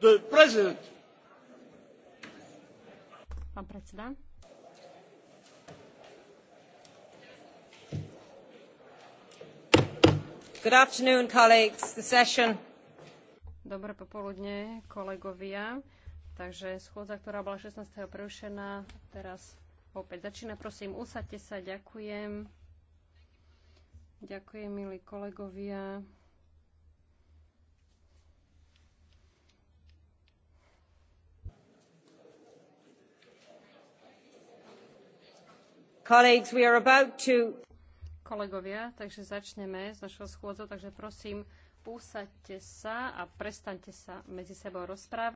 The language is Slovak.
Good afternoon, colleagues. The session. Dobré popoludne, kolegovia. Takže schôdza, ktorá bola 16. prerušená, teraz opäť začína. Prosím, usaďte sa. Ďakujem. Ďakujem, milí kolegovia. Kolegovia, takže začneme s našou schôdzou, takže prosím, úsaďte sa a prestaňte sa medzi sebou rozprávať.